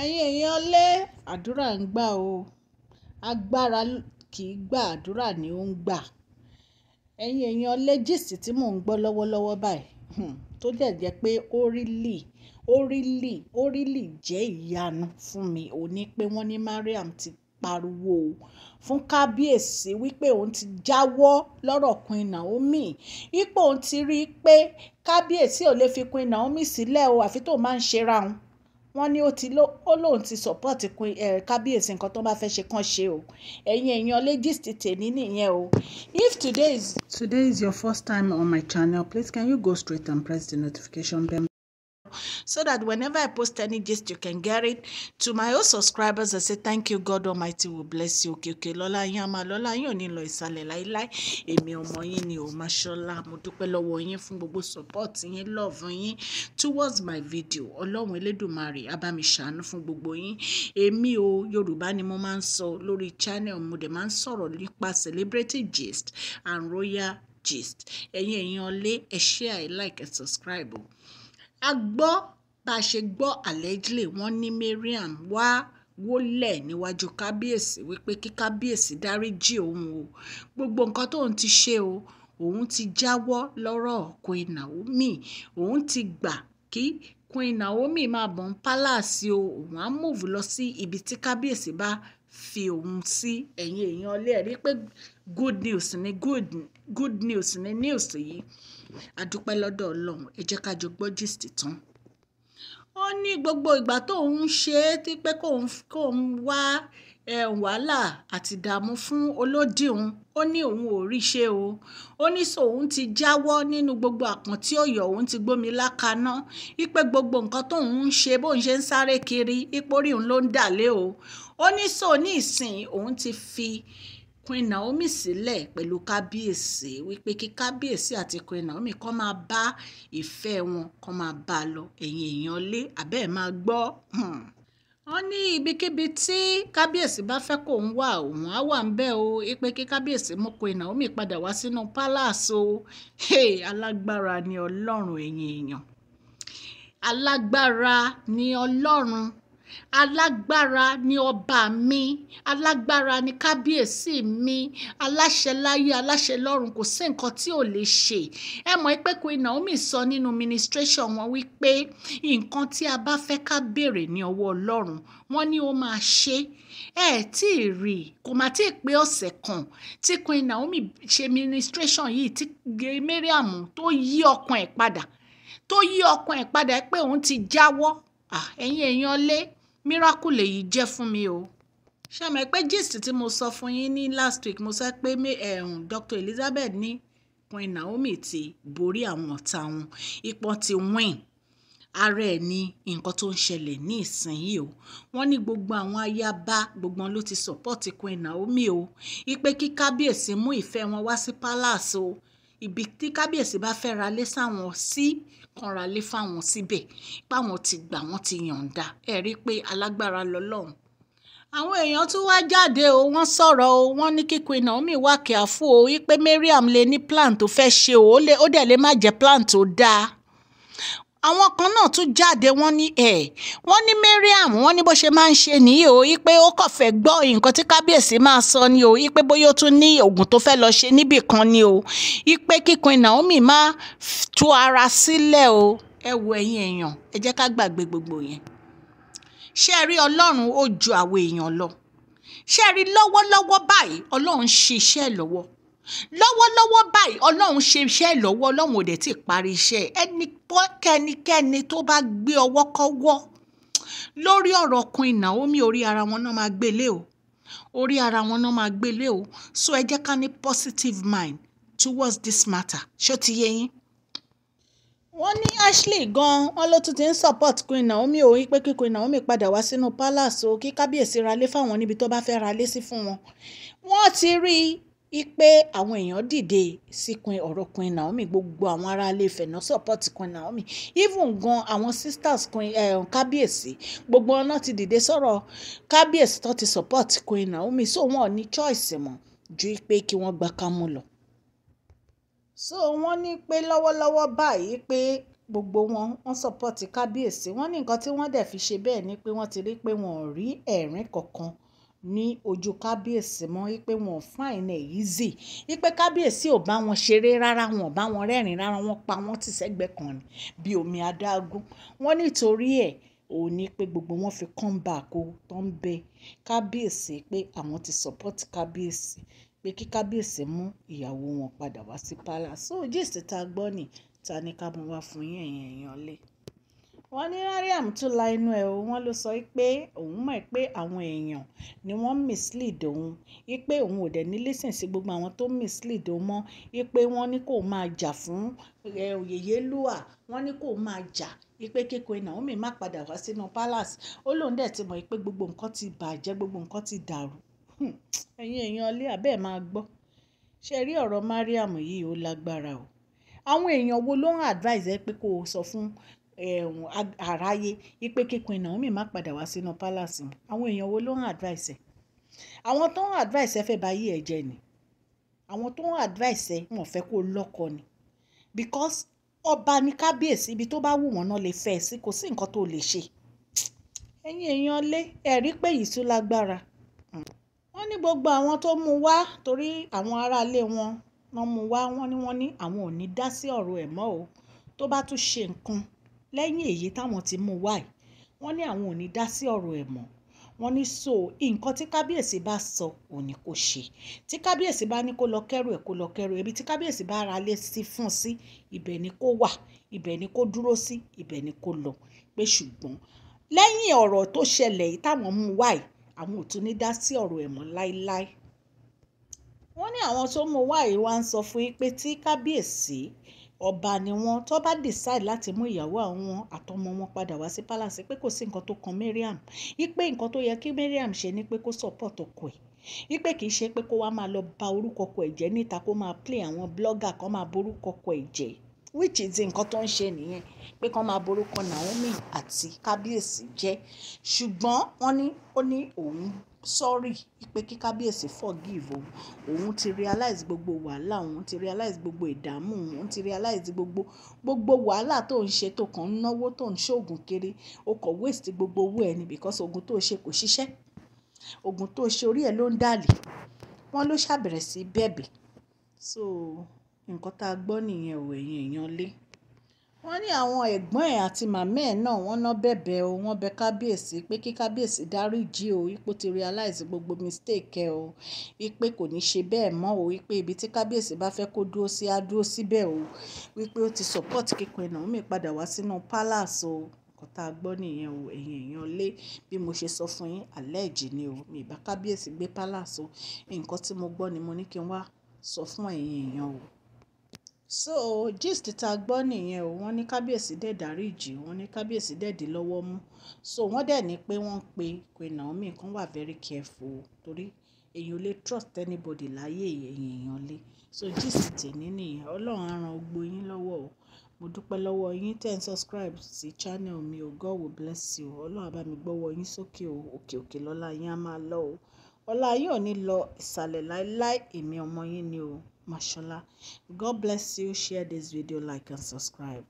ẹ̀yin èèyàn lé àdúrà ń gbà o agbára kì í gbà àdúrà ni ó ń gbà ẹ̀yin èèyàn lé gist tí mò ń gbọ́ lọ́wọ́lọ́wọ́ báyìí hmm, tó dẹ̀ jẹ́ pé ó rí lì jẹ́ ìyanu fún mi ò pé wọ́n ní Mariam ti pariwo fún kábíyèsí wípé òun ti jáwọ́ lọ́rọ̀ Queen Naomi ipò òun ti rí i pé kábíyèsí ò lè fi Queen Naomi sílẹ̀ o àfi tó máa ń ṣera òun wọ́n ní ó ti ó lóun ti support kun eh, kábíyèsí nǹkan tó bá fẹ́ ṣe kán ṣe o ẹ̀yin èèyàn legist tèmi nìyẹn o if today is today is your first time on my channel please can you go straight and press the notification bell so that whenever I post any gist, you can get it. To my old subscribers, I say thank you, God Almighty will bless you. Okay, okay, Lola, yín Lola, máa lọ́lá yín ò ní lọ ìsàlẹ̀ láíláí. Èmi ọmọ yín ni ò máa ṣọ́lá. Mo dúpẹ́ lọ́wọ́ support yín, love yín towards my video. Ọlọ́run Elédùmarè do bá mi ṣàánú fún gbogbo yín. Èmi o, Yorùbá ni mo máa ń sọ lórí channel. Mo dẹ̀ máa ń sọ̀rọ̀ celebrity gist and royal gist. Ẹ̀yin èèyàn ọlé, e share, like, and subscribe o a gbọ́ bá a ṣe gbọ́ allegedly wọ́n ní mariam wá wólẹ̀ níwájú kábíyèsí wípé kí kábíyèsí dáríjì òun o gbogbo nǹkan tóun ti ṣe o òun ti jáwọ́ lọ́rọ̀ Queen Naomi òun ti gbà kí Queen Naomi máa bọ̀ ń pálàsì o òun á move lọ sí ibi tí kábíyèsí bá fi òun sí ẹ̀yìn èèyàn ilé pé good news ni good good news ni news yìí adúpẹ́ lọ́dọ̀ ọlọ́run ẹ jẹ́ ká jọ gbọ́ gist tán ó ní gbogbo ìgbà tó ń ṣe é pé kó ń wá wàhálà àti ìdààmú fún olódì òun ó ní òun ò rí ṣe o ó ní sòun ti jáwọ́ nínú gbogbo àpọ́ntí ọ̀yọ́ òun ti gbómi lákaná ipe gbogbo nǹkan tóun ń ṣe bóun ṣe ń sáré kiri ipò rí òun ló ń dà lé o ó ní sò ní ìsìn òun ti fi Queen Naomi sílẹ̀ pẹ̀lú kábíyèsí wípé kí kábíyèsí àti Queen Naomi kọ́ máa bá ìfẹ́ wọn kọ́ máa bá a lọ ẹ̀yìn èèyàn lé àbẹ́ ẹ̀ máa gbọ́ hmm. wọ́n ní ibikíbi tí kábíyèsí bá fẹ́ kó ń wà òun á wà ń bẹ̀ o ipe kí kábíyèsí mú Queen Naomi padà wá sínú palace o alágbára ni ọlọ́run ẹ̀yìn èèyàn alágbára ni ọlọ́run alágbára ni ọba mi alágbára ni kábíyèsí mi aláṣẹ láyé aláṣẹ lọ́run kò sí nǹkan tí ò lè ṣe ẹ mọ̀ pé Queen Naomi sọ nínú ministration wọn wípé nǹkan tí a bá fẹ́ ká béèrè ní ọwọ́ Ọlọ́run wọn ní ó máa ṣe ẹ tí ì rí kò má tí ì pé ọ̀sẹ̀ kan tí Queen Naomi ṣe ministration yìí tí Mariam tó yí ọkàn ẹ̀ padà tó yí ọkàn ẹ̀ padà pé òun ti jáwọ́ ẹ̀yin èèyàn lé miracle lèyí jẹ́ fún mi o ṣe mọ̀ pé gist tí mo sọ fún yín ní last week mo sọ pé um, Dr. Elizabeth ní Queen Naomi ti borí àwọn ọ̀tá wọn ipò ti win ara ẹ̀ ní nǹkan tó ń ṣẹlẹ̀ ní ìsinyìí o wọ́n ní gbogbo àwọn ayaba gbogbo ló ti sọ̀pọ́ọ̀tì Queen Naomi o ipe kí kábíyèsí mú ìfẹ́ wọn wá sí palace o ibi tí kábíyèsí bá fẹ́ ra lé sáwọn sí kan ra lé fáwọn síbẹ̀ páwọn ti gbà wọ́n ti yọ̀ǹda ẹ rí i pé alágbára lọ́lọ́run àwọn èèyàn tún wá jáde o wọ́n sọ̀rọ̀ o wọ́n ní kí Queen Naomi wá kí àfọ o wípé Mariam lè ní plan tó fẹ́ ṣe o ó dẹ̀ lè má jẹ́ plan tó dáa àwọn kan náà tún jáde wọ́n ní ẹ wọ́n ní Mariam wọ́n ní bó ṣe máa ń ṣe nìyí o pé ó kàn fẹ́ gbọ́ nǹkan tí kábíyèsí máa sọ ni o pé bóyá ó tún ní oògùn tó fẹ́ lọ ṣe níbì kan ni o pé kíkun Naomi máa tú ara sílẹ̀ o ẹ wo ẹ̀yin èèyàn ẹ jẹ́ ká gbàgbé gbogbo yẹn ṣé rí Ọlọ́run ó ju àwọn èèyàn lọ ṣé rí lọ́wọ́lọ́wọ́ báyìí Ọlọ́run ṣiṣẹ́ lọ́wọ́ lọ́wọ́lọ́wọ́ báyìí Ọlọ́run ṣe iṣẹ́ lọ́wọ́ ò dẹ̀ ti parí iṣẹ́ ẹni pọ́ kẹ́nikẹ́ni tó bá gbé ọwọ́ kọ́wọ́ lórí ọ̀rọ̀ Queen Naomi orí ara wọn náà máa gbélé o orí ara wọn náà máa gbélé o so ẹ jẹ́ ká ní positive mind towards this matter ṣó ti yé yín. wọ́n ní Ashley gan-an wọ́n ló tún ti ń support Queen Naomi òun pé kí Queen Naomi padà wá sínú palace o kí kábíyèsí ralé fáwọn níbi tó bá fẹ́ ralé sí fún wọn. wọ́n ti rí i ipe àwọn èèyàn dìde sí Queen ọ̀rọ̀ Queen Naomi gbogbo àwọn aráalé Ifẹ̀ náà support Queen Naomi even gan àwọn sisters Queen eh, kábíyèsí gbogbo ọ̀nà ti dìde sọ̀rọ̀ kábíyèsí tó ti support Queen Naomi so wọn ò ní choice mọ́ ju pé kí wọ́n gba kámú lọ. so wọ́n ní pé lọ́wọ́lọ́wọ́ báyìí pé gbogbo wọn wọn support kábíyèsí wọ́n ní nǹkan tí wọ́n dẹ̀ fi ṣe bẹ́ẹ̀ ni pé wọ́n ti rí pé wọn ò rí ẹ̀rín kankan ní ojú kábíyèsí mọ́ wípé wọn ò fáìn ẹ̀ yìí zì wípé kábíyèsí ò bá wọn ṣeré rárá wọn ò bá wọn rẹ́rìn rárá wọn pa wọn tì sẹ́gbẹ̀ẹ́ kan ni bí omi adágún wọn nítorí ẹ̀ ò ní pé gbogbo wọn fi comeback o tó ń bẹ kábíyèsí pé àwọn ti support kábíyèsí pé kí kábíyèsí mú ìyàwó wọn padà wá sí palace so gist tá a gbọ́ ni ta ni ká mú wá fún yín ẹ̀yin wọ́n ní mariam tún la inú ẹ̀ o wọ́n ló sọ pé òun mọ̀ pé àwọn èèyàn ni wọ́n mislead òun pé òun ò dẹ̀ ní listen sí gbogbo àwọn tó mislead òun mọ́ pé wọ́n ní kó máa jà fún Oyèyélúwà wọ́n ní kó máa jà ipe kékeré Naomi má padà wá sínú palace ó lóun dẹ̀ ti mọ̀ pé gbogbo nǹkan ti bàjẹ́ gbogbo nǹkan ti dàrú hmm. ẹ̀yin èèyàn ilé àbẹ́ máa gbọ́ ṣe rí ọ̀rọ̀ mariam yìí ó lágbára o àwọn èèyàn wo ló ń advise ẹ pé kó o sọ fún àráyé ipe kíkun Naomi má padà wá sínú palace mu àwọn èèyàn wo ló ń advice ẹ̀ àwọn tó ń advice ẹ̀ fẹ́ báyé ẹ̀ jẹ́ ni àwọn tó ń advice ẹ̀ wọ́n fẹ́ kó lọ́kọ ni because ọba ní kábíyèsí ibi tó bá wù wọ́n náà lè fẹ́ ẹ sí kò sí nǹkan tó lè ṣe ẹ̀yin èèyàn lé ẹ̀rí pé yìí tún lágbára wọ́n ní gbogbo àwọn tó mú wá torí àwọn aráalé wọn wọ́n mú wá wọ́n ní wọ́n ní àwọn ò ní dá sí ọ̀rọ̀ ẹ̀ mọ́ o tó bá tún ṣe nǹkan lẹ́yìn èyí táwọn ti mú wáyé wọ́n ní àwọn ò ní dá sí ọ̀rọ̀ ẹ̀ mọ́ wọ́n ní so nǹkan tí kábíyèsí bá sọ òun ni kò ṣe tí kábíyèsí bá ní kó lọ kẹ́rù ẹ̀ kó lọ kẹ́rù ẹ̀ ibi tí kábíyèsí bá ra lé sí fún sí ibẹ̀ ni kó wà ibẹ̀ ni kó dúró sí ibẹ̀ ni kó lọ pé ṣùgbọ́n lẹ́yìn ọ̀rọ̀ tó ṣẹlẹ̀ yìí táwọn mú wáyé àwọn ò tún ní dá sí ọ̀rọ̀ ẹ̀ mọ́ láéláé wọ́n ní àwọn tó mú wáyé wá ń sọ fún yín pé tí kábíyèsí ọba ni wọ́n tó bá decide láti mú ìyàwó àwọn àtọmọ wọn padà wá sí palace pé kò sí nǹkan tó kan Mariam ipe nǹkan tó yẹ kí Mariam ṣe ni pé kó support ọkọ ẹ̀ ipe kì í ṣe pé kó wá máa lọ ba orúkọ ọkọ ẹ̀ jẹ́ níta kó máa play àwọn blogger kan máa borúkọ ọkọ ẹ̀ jẹ́ which is nǹkan tó ń ṣe nìyẹn pé kán máa borúkọ Naomi àti kábíyèsí jẹ́ ṣùgbọ́n wọ́n ní ó ní òun sọ́rí pé kí kábíyèsí forgive òun òun ti realize gbogbo wàhálà òun ti realize gbogbo ìdààmú òun ti realize gbogbo gbogbo wàhálà tó ń ṣe tó kàn ń náwó tó ń ṣoògùn kiri o kò waste gbogbo owó ẹni because oògùn tó ṣe kò ṣiṣẹ́ oògùn tó ṣe orí ẹ̀ ló ń dàlẹ̀ wọ́n ló ṣàbẹ̀rẹ̀ sí bẹ̀bẹ̀ so Nǹkan ta gbọ́ nìyẹn ò ẹ̀yin èèyàn lé. Wọ́n ní àwọn ẹ̀gbọ́n ẹ̀ àti màmá ẹ̀ náà wọ́n ná bẹ̀bẹ̀ o, wọ́n bẹ kábíyèsí pé kí kábíyèsí dáríjì o, wípé ó ti realize gbogbo mistake ẹ o, wípé kò ní ṣe bẹ́ẹ̀ mọ́ o, wípé ibi tí kábíyèsí bá fẹ́ kó dúró sí, á dúró síbẹ̀ o, wípé ó ti support kí Queen Naomi padà wá sínú palace o. Nǹkan ta gbọ́ nìyẹn o, ẹ̀yin èèyàn lé. Bí mo ṣe sọ fún yín, alleged ni o. Mi ò bá kábíyèsí gbé palace o. Ǹkan tí mo gbọ́ ni mo ní kí n wá sọ fún ẹ̀yin èèyàn o so gist tá gbọ́ nìyẹn o wọ́n ní kábíyèsí dẹ̀ dáríjì wọ́n ní kábíyèsí dẹ̀ dì lọ́wọ́ mú so wọ́n dẹ̀ ní pé wọ́n ń pe Queen Naomi kan wà very careful o torí èyàn lè trust anybody láyé èyàn èyàn so gist tèmi nìyẹn ọlọ́run á ran gbogbo yín lọ́wọ́ o mo dúpẹ́ lọ́wọ́ yín tẹ́ subscribe sí channel mi o God will bless you ọlọ́run á bá mi gbọ́wọ́ yín sókè o òkè òkè lọ́lá yín á máa lọ o ọlá yín ò ní lọ ìsàlẹ̀ láéláé èmi ọmọ yín ni o. mashallah god bless you share this video like and subscribe